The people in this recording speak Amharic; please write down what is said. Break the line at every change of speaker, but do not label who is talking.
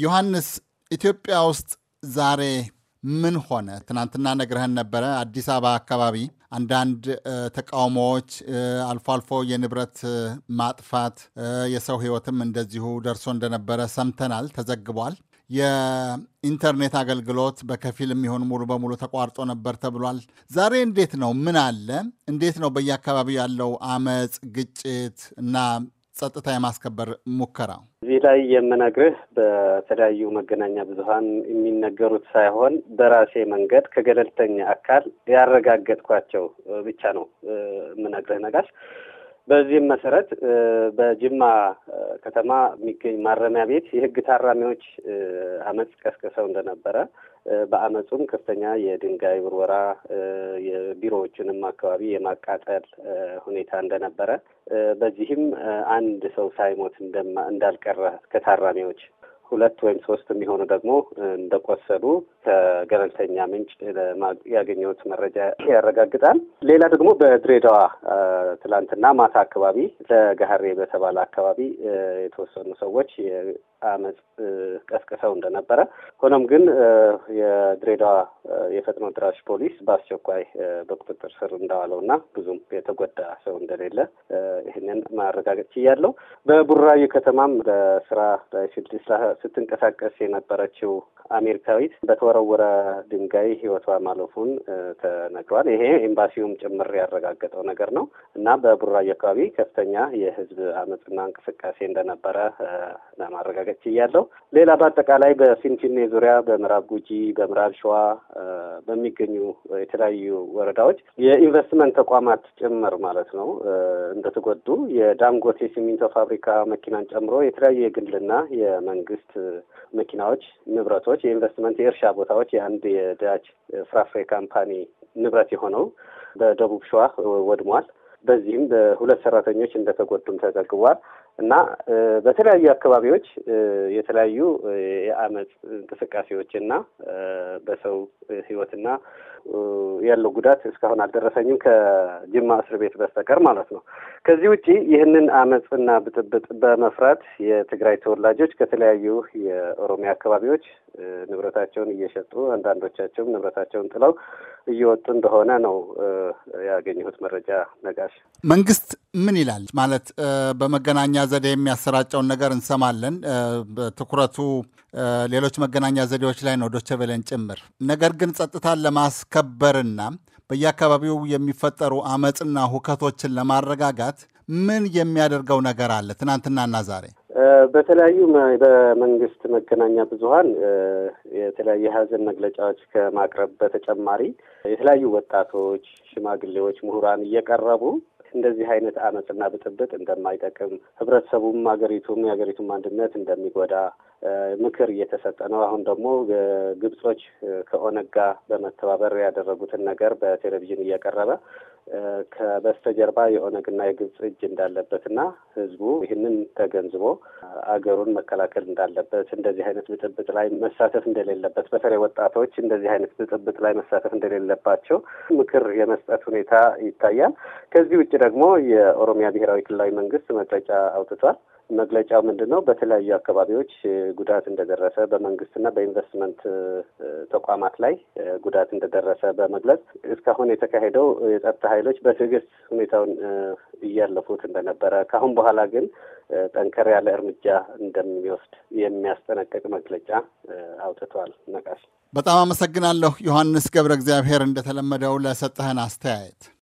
ዮሐንስ ኢትዮጵያ ውስጥ ዛሬ ምን ሆነ? ትናንትና ነግረህን ነበረ። አዲስ አበባ አካባቢ አንዳንድ ተቃውሞዎች፣ አልፎ አልፎ የንብረት ማጥፋት፣ የሰው ሕይወትም እንደዚሁ ደርሶ እንደነበረ ሰምተናል፣ ተዘግቧል። የኢንተርኔት አገልግሎት በከፊል ይሁን ሙሉ በሙሉ ተቋርጦ ነበር ተብሏል። ዛሬ እንዴት ነው? ምን አለ? እንዴት ነው በየአካባቢው ያለው አመፅ፣ ግጭት እና ጸጥታ የማስከበር ሙከራ?
እዚህ ላይ የምነግርህ በተለያዩ መገናኛ ብዙኃን የሚነገሩት ሳይሆን በራሴ መንገድ ከገለልተኛ አካል ያረጋገጥኳቸው ብቻ ነው የምነግርህ ነጋሽ በዚህም መሰረት በጅማ ከተማ የሚገኝ ማረሚያ ቤት የህግ ታራሚዎች አመፅ ቀስቅሰው እንደነበረ በአመፁም ከፍተኛ የድንጋይ ውርወራ፣ የቢሮዎችንም አካባቢ የማቃጠል ሁኔታ እንደነበረ በዚህም አንድ ሰው ሳይሞት እንዳልቀረ ከታራሚዎች ሁለት ወይም ሶስት የሚሆኑ ደግሞ እንደቆሰሉ ከገለልተኛ ምንጭ ያገኘሁት መረጃ ያረጋግጣል። ሌላ ደግሞ በድሬዳዋ ትላንትና ማታ አካባቢ ለገሀሬ በተባለ አካባቢ የተወሰኑ ሰዎች አመፅ ቀስቅሰው እንደነበረ ሆኖም ግን የድሬዳዋ የፈጥኖ ድራሽ ፖሊስ በአስቸኳይ በቁጥጥር ስር እንዳዋለውና ብዙም የተጎዳ ሰው እንደሌለ ይህንን ማረጋገጥ ችያለሁ። በቡራዩ ከተማም በስራ ላይ ስትንቀሳቀስ የነበረችው አሜሪካዊት በተወረወረ ድንጋይ ህይወቷ ማለፉን ተነግሯል። ይሄ ኤምባሲውም ጭምር ያረጋገጠው ነገር ነው እና በቡራዩ አካባቢ ከፍተኛ የህዝብ አመፅና እንቅስቃሴ እንደነበረ ለማረጋገጥ እያደረገች እያለው ሌላ በአጠቃላይ በፊንፊኔ ዙሪያ በምዕራብ ጉጂ፣ በምዕራብ ሸዋ በሚገኙ የተለያዩ ወረዳዎች የኢንቨስትመንት ተቋማት ጭምር ማለት ነው እንደተጎዱ የዳንጎቴ ሲሚንቶ ፋብሪካ መኪናን ጨምሮ የተለያዩ የግልና የመንግስት መኪናዎች፣ ንብረቶች፣ የኢንቨስትመንት የእርሻ ቦታዎች የአንድ የዳች ፍራፍሬ ካምፓኒ ንብረት የሆነው በደቡብ ሸዋ ወድሟል። በዚህም በሁለት ሰራተኞች እንደተጎዱም ተዘግቧል። እና በተለያዩ አካባቢዎች የተለያዩ የአመፅ እንቅስቃሴዎችና በሰው ህይወትና ያለው ጉዳት እስካሁን አልደረሰኝም ከጅማ እስር ቤት በስተቀር ማለት ነው። ከዚህ ውጪ ይህንን አመፅና ብጥብጥ በመፍራት የትግራይ ተወላጆች ከተለያዩ የኦሮሚያ አካባቢዎች ንብረታቸውን እየሸጡ አንዳንዶቻቸውም ንብረታቸውን ጥለው እየወጡ እንደሆነ ነው ያገኘሁት መረጃ ነጋሽ።
መንግስት ምን ይላል ማለት በመገናኛ ዘዴ የሚያሰራጨውን ነገር እንሰማለን። ትኩረቱ ሌሎች መገናኛ ዘዴዎች ላይ ነው፣ ዶቼ ቬለን ጭምር። ነገር ግን ጸጥታን ለማስከበርና በየአካባቢው የሚፈጠሩ አመፅና ሁከቶችን ለማረጋጋት ምን የሚያደርገው ነገር አለ? ትናንትናና ዛሬ
በተለያዩ በመንግስት መገናኛ ብዙኃን የተለያዩ የሀዘን መግለጫዎች ከማቅረብ በተጨማሪ የተለያዩ ወጣቶች፣ ሽማግሌዎች፣ ምሁራን እየቀረቡ እንደዚህ አይነት አመፅና ብጥብጥ እንደማይጠቅም ህብረተሰቡም ሀገሪቱም የሀገሪቱም አንድነት እንደሚጎዳ ምክር እየተሰጠ ነው። አሁን ደግሞ ግብጾች ከኦነግ ጋር በመተባበር ያደረጉትን ነገር በቴሌቪዥን እያቀረበ ከበስተጀርባ የኦነግና የግብጽ እጅ እንዳለበት ና ህዝቡ ይህንን ተገንዝቦ አገሩን መከላከል እንዳለበት እንደዚህ አይነት ብጥብጥ ላይ መሳተፍ እንደሌለበት፣ በተለይ ወጣቶች እንደዚህ አይነት ብጥብጥ ላይ መሳተፍ እንደሌለባቸው ምክር የመስጠት ሁኔታ ይታያል። ከዚህ ውጭ ደግሞ የኦሮሚያ ብሔራዊ ክልላዊ መንግስት መግለጫ አውጥቷል። መግለጫው ምንድን ነው? በተለያዩ አካባቢዎች ጉዳት እንደደረሰ በመንግስትና በኢንቨስትመንት ተቋማት ላይ ጉዳት እንደደረሰ በመግለጽ እስካሁን የተካሄደው የጸጥታ ኃይሎች በትዕግስት ሁኔታውን እያለፉት እንደነበረ ከአሁን በኋላ ግን ጠንከር ያለ እርምጃ እንደሚወስድ የሚያስጠነቅቅ መግለጫ አውጥቷል። ነቃሽ፣
በጣም አመሰግናለሁ። ዮሐንስ ገብረ እግዚአብሔር እንደተለመደው ለሰጠህን አስተያየት